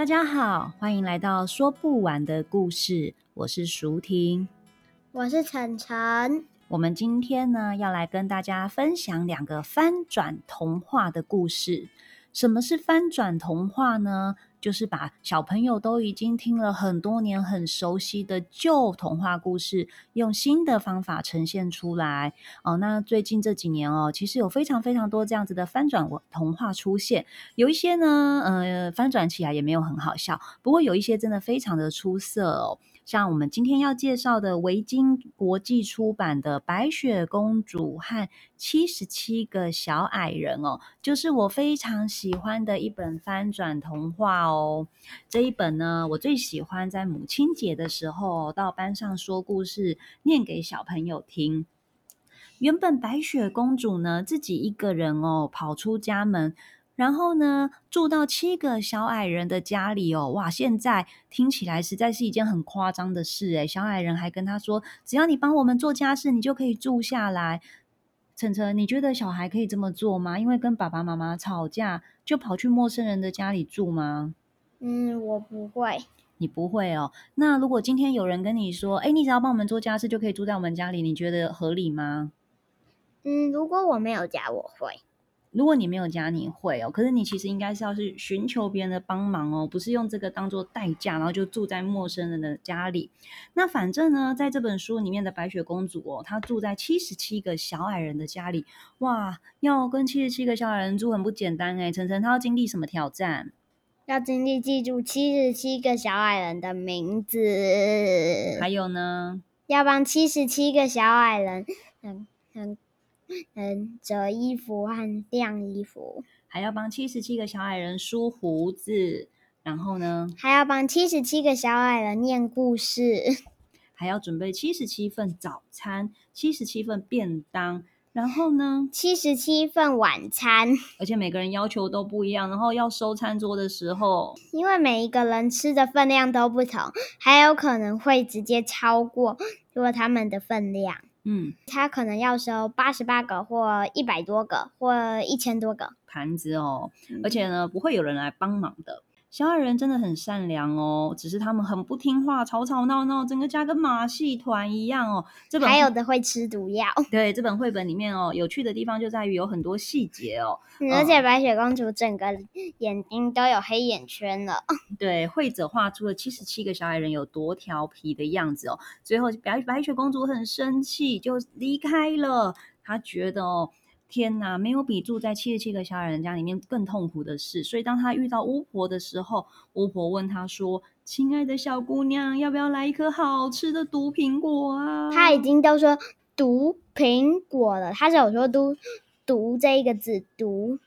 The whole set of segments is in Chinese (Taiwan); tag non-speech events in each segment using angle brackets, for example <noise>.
大家好，歡迎來到《說不完的故事》，我是淑婷，我是澄澄。我們今天呢，要來跟大家分享兩個翻轉童話的故事。什麼是翻轉童話呢？就是把小朋友都已經聽了很多年、很熟悉的舊童話故事，用新的方法呈現出來。哦，那最近這幾年哦，其實有非常非常多這樣子的翻轉童話出現。有一些呢，呃，翻轉起來也沒有很好笑，不過有一些真的非常的出色哦。像我們今天要介紹的維京國際出版的《白雪公主和七十七個小矮人》哦，就是我非常喜歡的一本翻轉童話哦。這一本呢，我最喜歡在母親節的時候到班上說故事，念給小朋友聽。原本白雪公主呢，自己一個人哦，跑出家門。然後呢，住到七個小矮人的家裡哦，哇！現在聽起來實在是一件很誇張的事哎。小矮人還跟他說，只要你幫我們做家事，你就可以住下來。澄澄，你覺得小孩可以這麼做嗎？因為跟爸爸媽媽吵架，就跑去陌生人的家裡住嗎？嗯，我不會。你不會哦？那如果今天有人跟你說，哎，你只要幫我們做家事，就可以住在我們家裡，你覺得合理嗎？嗯，如果我沒有家，我會。如果你沒有家，你會哦。可是你其實應該是要去尋求別人的幫忙哦，不是用這個當做代價，然後就住在陌生人的家裡。那反正呢，在這本書裡面的白雪公主哦，她住在七十七個小矮人的家裡，哇，要跟七十七個小矮人住很不簡單哎、欸。澄澄，她要經歷什麼挑戰？要經歷記住七十七個小矮人的名字，還有呢，要幫七十七個小矮人、嗯，很、嗯、很。能折衣服和晾衣服，還要幫七十七個小矮人梳鬍子。然後呢？還要幫七十七個小矮人念故事，還要準備七十七份早餐、七十七份便當。然後呢？七十七份晚餐，而且每個人要求都不一樣。然後要收餐桌的時候，因為每一個人吃的分量都不同，還有可能會直接超過做他們的分量。嗯，他可能要收八十八個或一百多個或一千多個盤子哦，而且呢，不會有人來幫忙的。小矮人真的很善良哦，只是他們很不聽話，吵吵鬧鬧，整個家跟馬戲團一樣哦。這本還有的會吃毒藥。對，這本繪本裡面哦，有趣的地方就在於有很多細節哦。而且白雪公主整個眼睛都有黑眼圈了。嗯，對，繪者畫出了七十七個小矮人有多調皮的樣子哦。最後白，白白雪公主很生氣，就離開了。她覺得。哦。天哪，沒有比住在七十七個小矮人家裡面更痛苦的事。所以，當他遇到巫婆的時候，巫婆問他說：“親愛的小姑娘，要不要來一顆好吃的毒蘋果啊？”他已經都說毒蘋果了，他是有說毒毒這一個字毒，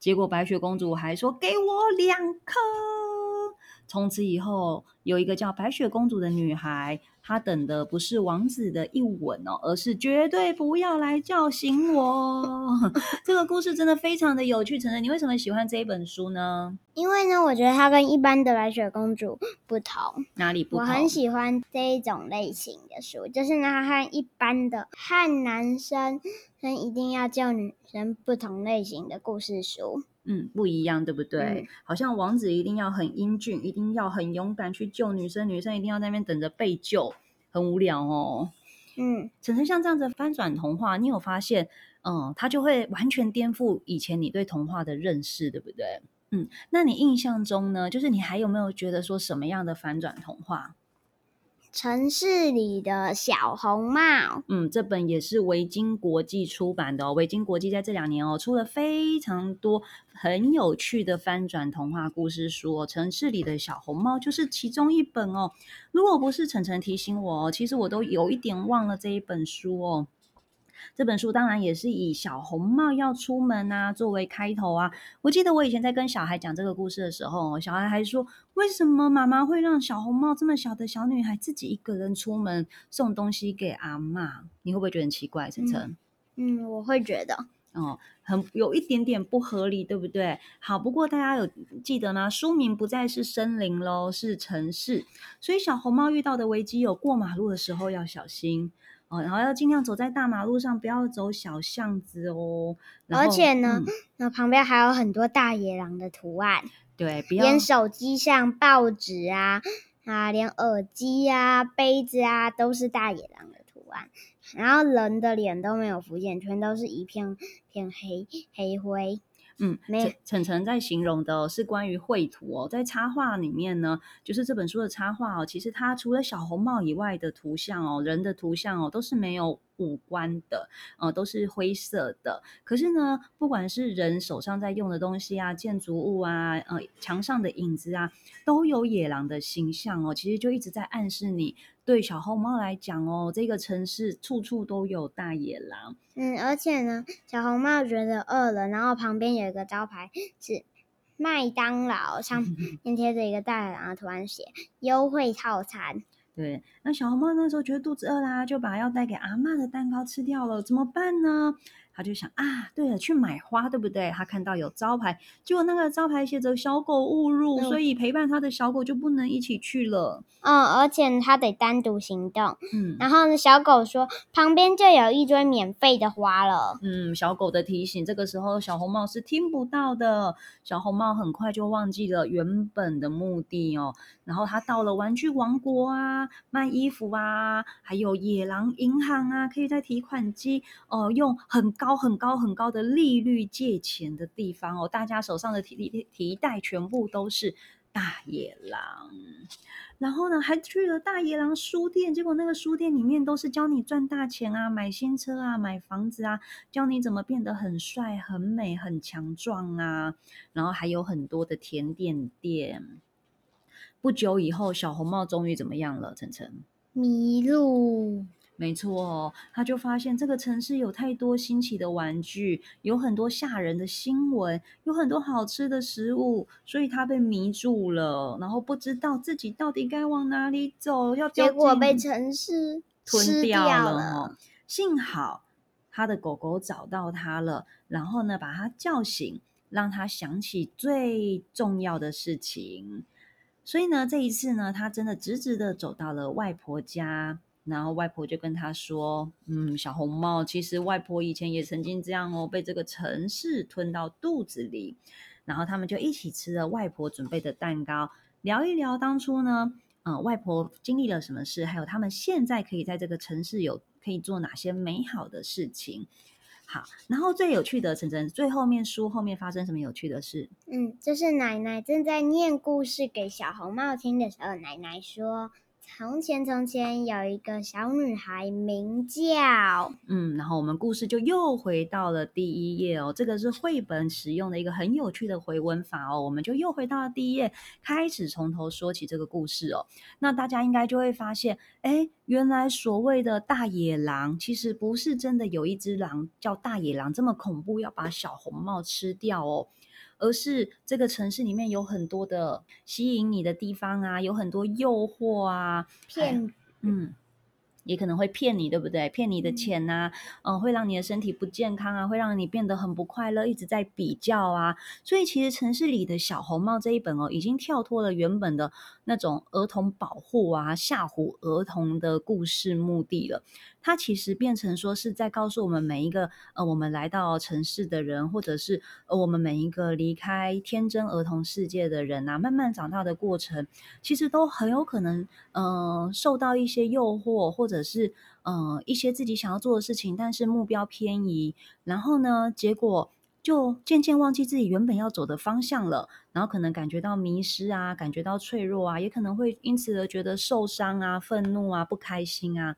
結果白雪公主還說：“給我兩顆。”從此以後，有一個叫白雪公主的女孩，她等的不是王子的一吻哦，而是絕對不要來叫醒我。 <laughs> 這個故事真的非常的有趣。澄澄，你為什麼喜歡這一本書呢？因為呢，我覺得它跟一般的白雪公主不同。哪裡不同？我很喜歡這一種類型的書，就是呢，它和一般的、和男生一定要叫女生不同類型的故事書。嗯，不一樣，對不對？嗯，好像王子一定要很英俊，一定要很勇敢去救女生，女生一定要在那邊等着被救，很無聊哦。嗯，產生像這樣子的翻轉童話，你有發現？嗯，它就會完全顛覆以前你對童話的認識，對不對？嗯，那你印象中呢？就是你還有沒有覺得說什麼樣的翻轉童話？城市裡的小紅帽，嗯，這本也是維京國際出版的哦。維京國際在這兩年哦，出了非常多很有趣的翻轉童話故事書哦。城市裡的小紅帽就是其中一本哦。如果不是澄澄提醒我哦，其實我都有一點忘了這一本書哦。這本書當然也是以小紅帽要出門啊作為開頭啊。我記得我以前在跟小孩講這個故事的時候，小孩還說：“為什麼媽媽會讓小紅帽這麼小的小女孩自己一個人出門送東西給阿嬤？”你會不會覺得很奇怪，澄澄？嗯，嗯我會覺得，哦，很有一點點不合理，對不對？好，不過大家有記得嗎？書名不再是森林嘍，是城市。所以小紅帽遇到的危機有過馬路的時候要小心。哦，然後要儘量走在大馬路上，不要走小巷子哦。而且呢、嗯，那旁邊還有很多大野狼的圖案。對，連手機上、報紙啊、啊，連耳機啊、杯子啊，都是大野狼的圖案。然後人的臉都沒有浮現，全都是一片片黑黑灰。嗯，澄澄在形容的、哦、是關於繪圖哦，在插畫裡面呢，就是這本書的插畫哦，其實它除了小紅帽以外的圖像哦，人的圖像哦，都是沒有五官的，呃，都是灰色的。可是呢，不管是人手上在用的東西啊，建築物啊，呃，牆上的影子啊，都有野狼的形象哦，其實就一直在暗示你。對小紅帽來講哦，這個城市處處都有大野狼。嗯，而且呢，小紅帽覺得餓了，然後旁邊有一個招牌是麥當勞，上面 <laughs> 貼着一個大野狼的圖案，寫優惠套餐。對，那小紅帽那時候覺得肚子餓啦、啊，就把要帶給阿嬤的蛋糕吃掉了，怎麼辦呢？他就想啊，對了，去買花，對不對？他看到有招牌，結果那個招牌寫着“小狗勿入”，嗯，所以陪伴他的小狗就不能一起去了。嗯，而且他得單獨行動。嗯，然後呢，小狗說旁邊就有一堆免費的花了。嗯，小狗的提醒，這個時候小紅帽是聽不到的。小紅帽很快就忘記了原本的目的哦。然後他到了玩具王國啊，賣衣服啊，還有野狼銀行啊，可以在提款機哦、呃、用很高。哦、很高很高的利率借錢的地方哦，大家手上的提提提袋全部都是大野狼，然後呢，還去了大野狼書店，結果那個書店裡面都是教你賺大錢啊，買新車啊，買房子啊，教你怎麼變得很帥、很美、很強壯啊，然後還有很多的甜點店。不久以後，小紅帽終於怎麼樣了？澄澄迷路。沒錯，他就發現這個城市有太多新奇的玩具，有很多嚇人的新聞，有很多好吃的食物，所以他被迷住了，然後不知道自己到底該往哪裡走。要結果被城市吞掉，掉了。幸好他的狗狗找到他了，然後呢把他叫醒，讓他想起最重要的事情。所以呢，這一次呢，他真的直直的走到了外婆家。然後外婆就跟他說：“嗯，小紅帽，其實外婆以前也曾經這樣哦，被這個城市吞到肚子裡。”然後他們就一起吃了外婆準備的蛋糕，聊一聊當初呢，嗯、呃，外婆經歷了什麼事，還有他們現在可以在這個城市有可以做哪些美好的事情。好，然後最有趣的澄澄，最後面書後面發生什麼有趣的事？嗯，就是奶奶正在念故事給小紅帽聽的時候，奶奶說。從前，從前有一個小女孩，名叫嗯，然後我們故事就又回到了第一頁哦。這個是繪本使用的一個很有趣的回文法哦。我們就又回到了第一頁，開始從頭說起這個故事哦。那大家應該就會發現，哎，原來所謂的大野狼，其實不是真的有一隻狼叫大野狼這麼恐怖，要把小紅帽吃掉哦。而是這個城市裡面有很多的吸引你的地方啊，有很多誘惑啊，騙、嗯哎，嗯。也可能會騙你，對不對？騙你的錢吶、啊，嗯、呃，會讓你的身體不健康啊，會讓你變得很不快樂，一直在比較啊。所以，其實城市裡的小紅帽這一本哦，已經跳脫了原本的那種兒童保護啊、嚇唬兒童的故事目的了。它其實變成說是在告訴我們每一個呃，我們來到城市的人，或者是呃，我們每一個離開天真兒童世界的人啊，慢慢長大的過程，其實都很有可能嗯、呃，受到一些誘惑或者。可是，嗯、呃，一些自己想要做的事情，但是目標偏移，然後呢，結果就漸漸忘記自己原本要走的方向了，然後可能感覺到迷失啊，感覺到脆弱啊，也可能會因此而覺得受傷啊、憤怒啊、不開心啊。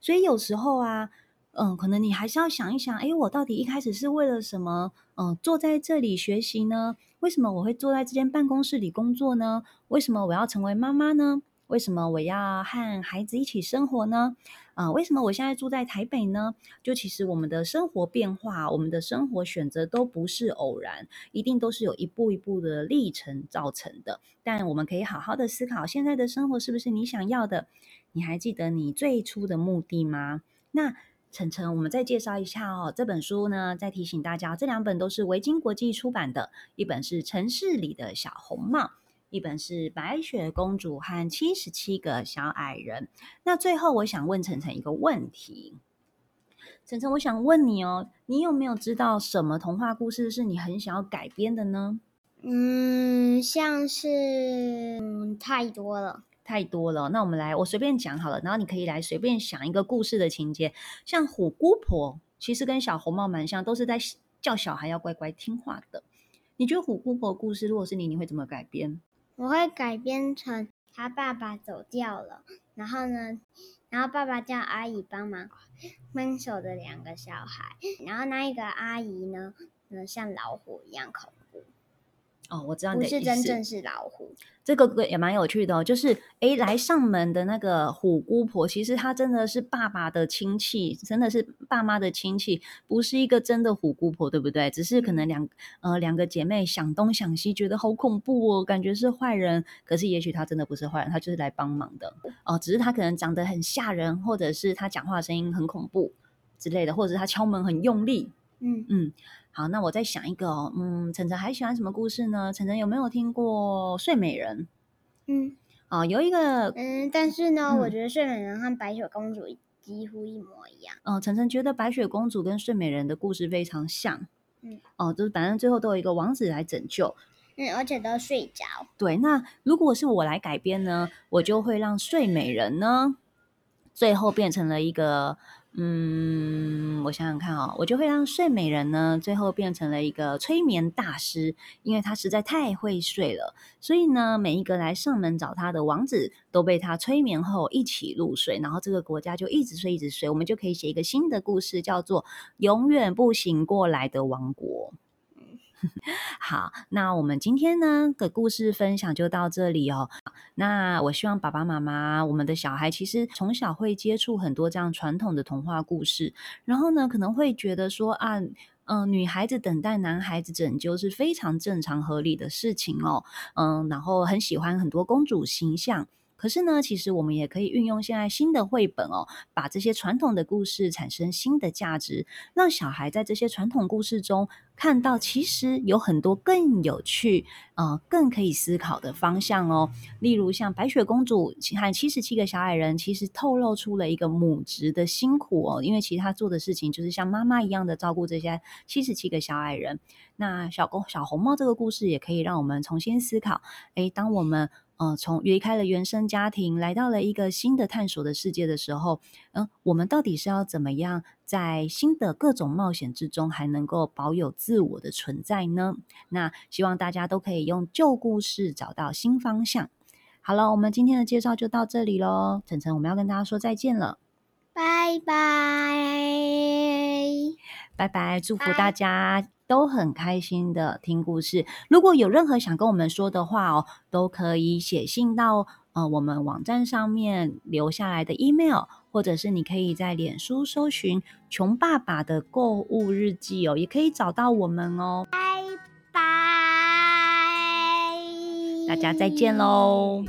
所以有時候啊，嗯、呃，可能你還是要想一想，哎，我到底一開始是為了什麼？嗯、呃，坐在這裡學習呢？為什麼我會坐在這間辦公室裡工作呢？為什麼我要成為媽媽呢？為什麼我要和孩子一起生活呢？啊、呃，為什麼我現在住在台北呢？就其實我們的生活變化，我們的生活選擇都不是偶然，一定都是有一步一步的歷程造成的。但我們可以好好的思考，現在的生活是不是你想要的？你還記得你最初的目的嗎？那澄澄，我們再介紹一下哦，這本書呢，再提醒大家，這兩本都是維京國際出版的，一本是《城市裡的小紅帽》。一本是《白雪公主》和七十七個小矮人。那最後，我想問澄澄一個問題：澄澄，我想問你哦，你有沒有知道什麼童話故事是你很想要改編的呢？嗯，像是、嗯、太多了，太多了。那我們來，我隨便講好了，然後你可以來隨便想一個故事的情節，像虎姑婆，其實跟小紅帽蠻像，都是在叫小孩要乖乖聽話的。你覺得虎姑婆的故事，如果是你，你會怎麼改編？我會改編成他爸爸走掉了，然後呢，然後爸爸叫阿姨幫忙，分手的兩個小孩，然後那一個阿姨呢，嗯，像老虎一樣口哦，我知道你的意思，不是真正是老虎，這個也蠻有趣的哦。就是，哎，來上門的那個虎姑婆，其實她真的是爸爸的親戚，真的是爸媽的親戚，不是一個真的虎姑婆，對不對？只是可能兩、嗯、呃兩個姐妹想東想西，覺得好恐怖哦，感覺是壞人。可是也許她真的不是壞人，她就是來幫忙的哦、呃。只是她可能長得很嚇人，或者是她講話聲音很恐怖之類的，或者是她敲門很用力，嗯嗯。好，那我再想一個哦。嗯，澄澄還喜歡什麼故事呢？澄澄有沒有聽過《睡美人》？嗯，哦，有一個，嗯，但是呢，嗯，我覺得《睡美人》和《白雪公主》幾乎一模一樣。哦，澄澄覺得《白雪公主》跟《睡美人》的故事非常像。嗯，哦，就是反正最後都有一個王子來拯救。嗯，而且都睡着。對，那如果是我來改編呢，我就會讓《睡美人》呢，最後變成了一個。嗯，我想想看哦，我就會讓睡美人呢，最後變成了一個催眠大師，因為她實在太會睡了。所以呢，每一個來上門找她的王子都被她催眠後一起入睡，然後這個國家就一直睡一直睡。我們就可以寫一個新的故事，叫做《永遠不醒過來的王國》。 <laughs> 好，那我們今天呢個故事分享就到這裡哦。那我希望爸爸媽媽，我們的小孩其實從小會接觸很多這樣傳統的童話故事，然後呢可能會覺得說啊，嗯、呃，女孩子等待男孩子拯救是非常正常合理的事情哦，嗯、呃，然後很喜歡很多公主形象。可是呢，其實我們也可以運用現在新的繪本哦，把這些傳統的故事產生新的價值，讓小孩在這些傳統故事中看到，其實有很多更有趣、啊、呃、更可以思考的方向哦。例如像《白雪公主和七十七個小矮人》，其實透露出了一個母職的辛苦哦，因為其實她做的事情就是像媽媽一樣的照顧這些七十七個小矮人。那《小公小紅帽》這個故事也可以讓我們重新思考，誒，當我們。嗯、呃，從離開了原生家庭，來到了一個新的探索的世界的時候，嗯、呃，我們到底是要怎麼樣，在新的各種冒險之中，還能夠保有自我的存在呢？那希望大家都可以用舊故事找到新方向。好了，我們今天的介紹就到這裡嘍，澄澄，我們要跟大家說再見了，拜拜。拜拜！祝福大家都很開心的聽故事。Bye. 如果有任何想跟我們說的話哦，都可以寫信到呃我們網站上面留下來的 email，或者是你可以在臉書搜尋“窮爸爸的購物日記”哦，也可以找到我們哦。拜拜，大家再見嘍。